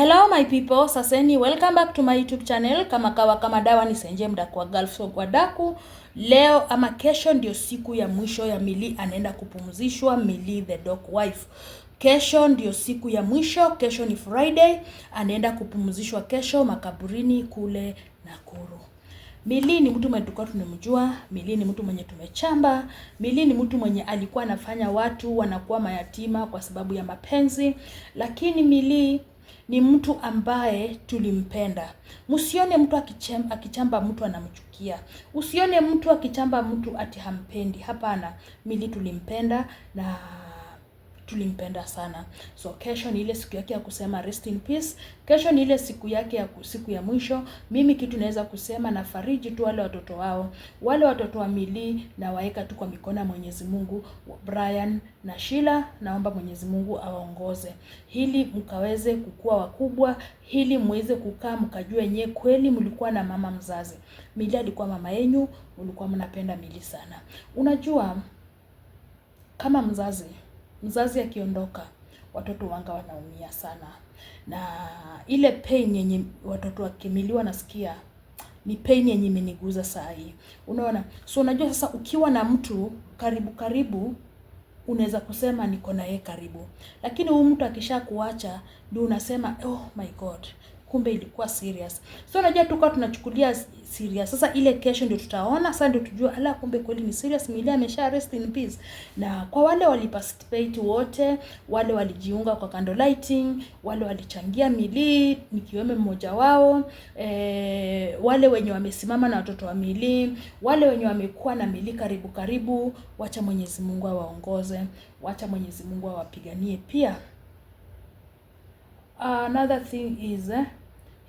Hello my people, saseni welcome back to my YouTube channel. Kama kawa kama dawa ni Senje Mdakwa Girl kwa daku. Leo ama kesho ndio siku ya mwisho ya Mili anaenda kupumzishwa, Mili the dog wife. Kesho ndio siku ya mwisho, kesho ni Friday, anaenda kupumzishwa kesho makaburini kule Nakuru. Mili ni mtu mwenye tulikuwa tunamjua. Mili ni mtu mwenye tumechamba. Mili ni mtu mwenye alikuwa anafanya watu wanakuwa mayatima kwa sababu ya mapenzi, lakini Mili ni mtu ambaye tulimpenda. Msione mtu akichamba, akichamba mtu anamchukia. Usione mtu akichamba mtu ati hampendi. Hapana, mimi tulimpenda na tulimpenda sana. So kesho ni ile siku yake ya kusema rest in peace. Kesho ni ile siku yake ya siku ya mwisho. Mimi kitu naweza kusema na fariji tu wale watoto wao, wale watoto wa mili na waeka tu kwa mikono ya Mwenyezi Mungu. Brian na Sheila, naomba Mwenyezi Mungu awaongoze hili mkaweze kukua wakubwa, hili muweze kukaa mkajua yenyewe kweli mlikuwa na mama mzazi. Milii alikuwa mama yenyu, mlikuwa mnapenda Mili sana. Unajua kama mzazi Mzazi akiondoka, watoto wanga wanaumia sana, na ile pain yenye watoto wakimiliwa nasikia ni pain yenye imeniguza saa hii, unaona. So unajua sasa, ukiwa na mtu karibu karibu, unaweza kusema niko na yeye karibu, lakini huyu mtu akisha kuacha ndio unasema oh my God, kumbe ilikuwa serious. So unajua tukawa tunachukulia serious. Sasa ile kesho ndio tutaona, sasa ndio tujua ala, kumbe kweli ni serious. Millie amesha rest in peace. Na kwa wale waliparticipate wote, wale walijiunga kwa candle lighting, wale walichangia Millie nikiwemo mmoja wao, e, wale wenye wamesimama na watoto wa Millie, wale wenye wamekuwa na Millie karibu karibu, wacha Mwenyezi Mungu awaongoze, wacha Mwenyezi Mungu awapiganie pia. another thing is eh,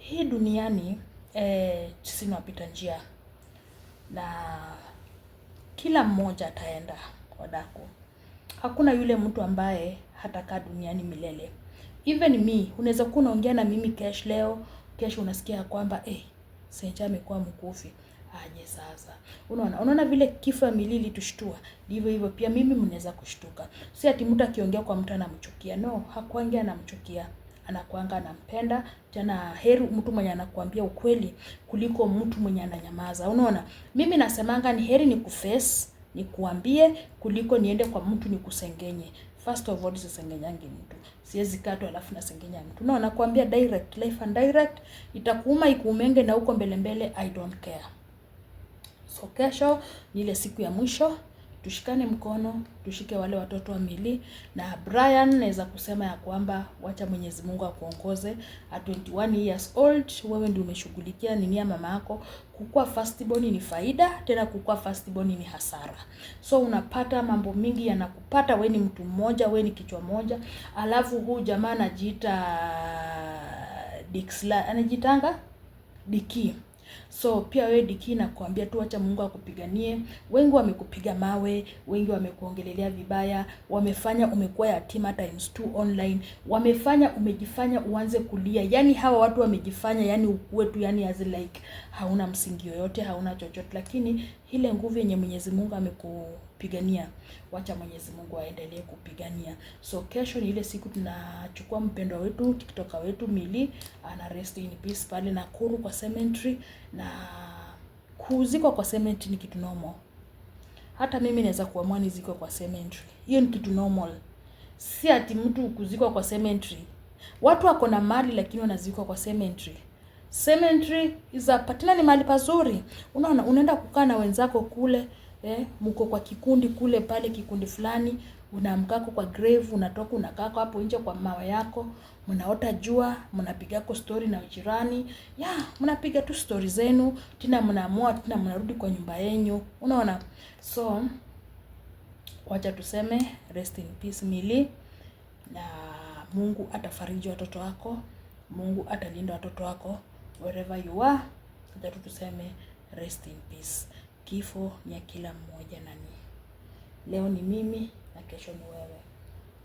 hii duniani eh, sisi ni wapita njia na kila mmoja ataenda wadako. Hakuna yule mtu ambaye hatakaa duniani milele. Even me, unaweza kuwa unaongea na mimi kesho, leo kesho unasikia kwamba eh, Senja amekuwa mkufi aje sasa. Unaona, unaona vile kifo ya Milili tushtua, ndivyo hivyo pia mimi mnaweza kushtuka. Si ati mtu akiongea kwa mtu anamchukia, no, hakuongea anamchukia anakuanga anampenda tena. Heri mtu mwenye anakuambia ukweli kuliko mtu mwenye ananyamaza. Unaona, mimi nasemanga ni heri ni kuface nikuambie kuliko niende kwa mtu nikusengenye. First of all, sisengenyangi mtu, siwezi katwa alafu nasengenya mtu. No, nakwambia direct, life and direct. Itakuuma ikuumenge na huko mbele mbele, I don't care. So kesho ni ile siku ya mwisho tushikane mkono, tushike wale watoto wa Mili na Brian. Naweza kusema ya kwamba wacha Mwenyezi Mungu akuongoze. At 21 years old wewe ndio umeshughulikia nini ya mama yako. Kukua firstborn ni faida, tena kukua firstborn ni hasara. So unapata mambo mingi yanakupata, we ni mtu mmoja, we ni kichwa moja, alafu huu jamaa anajiita Dixla, anajitanga Diki So pia wewe dikii nakwambia tu, acha Mungu akupiganie. Wengi wamekupiga mawe, wengi wamekuongelelea vibaya, wamefanya umekuwa yatima times two online, wamefanya umejifanya uanze kulia. Yani hawa watu wamejifanya yani ukuwe tu yani as like hauna msingi yoyote, hauna chochote, lakini ile nguvu yenye Mwenyezi Mungu amekupigania, wacha Mwenyezi Mungu aendelee kupigania. So kesho ni ile siku tunachukua mpendwa wetu tiktoka wetu mili ana rest in peace pale Nakuru kwa cemetery, na kuzikwa kwa cemetery ni kitu normal. Hata mimi naweza kuamua nizikwe kwa cemetery, hiyo ni kitu normal. Si ati mtu kuzikwa kwa cemetery. Watu wako na mali lakini wanazikwa kwa cemetery. Cemetery is a patina, ni mahali pazuri. Unaona unaenda kukaa na wenzako kule, eh, mko kwa kikundi kule pale kikundi fulani, unaamkako kwa grave, unatoka unakaa hapo nje kwa mawe yako, mnaota jua, mnapiga kwa story na jirani. Ya, yeah, mnapiga tu story zenu, tena mnaamua tena mnarudi kwa nyumba yenu. Unaona? So wacha tuseme rest in peace Mili, na Mungu atafariji watoto wako. Mungu atalinda watoto wako wherever you are, natatu tuseme rest in peace. Kifo ni ya kila mmoja nani leo ni mimi na kesho ni wewe,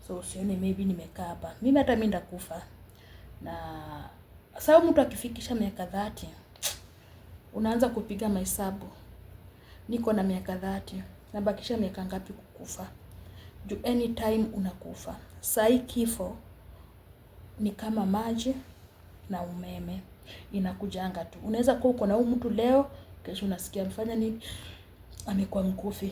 so usione maybe nimekaa hapa mimi, hata mimi ndakufa na sababu mtu akifikisha miaka dhati unaanza kupiga mahesabu, niko na miaka dhati, nabakisha miaka ngapi kukufa? Juu anytime unakufa. Sai kifo ni kama maji na umeme inakujanga tu. Unaweza kuwa uko na huyu mtu leo, kesho unasikia mfanya nini, amekuwa mkufi.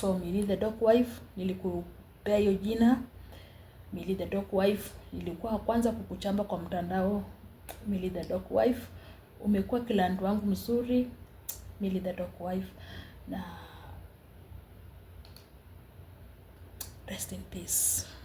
So Milly the dog Wife nilikupea hiyo jina. Milly the dog Wife nilikuwa kwanza kukuchamba kwa mtandao. Milly the dog Wife umekuwa kilandu wangu mzuri. Milly the dog Wife na rest in peace.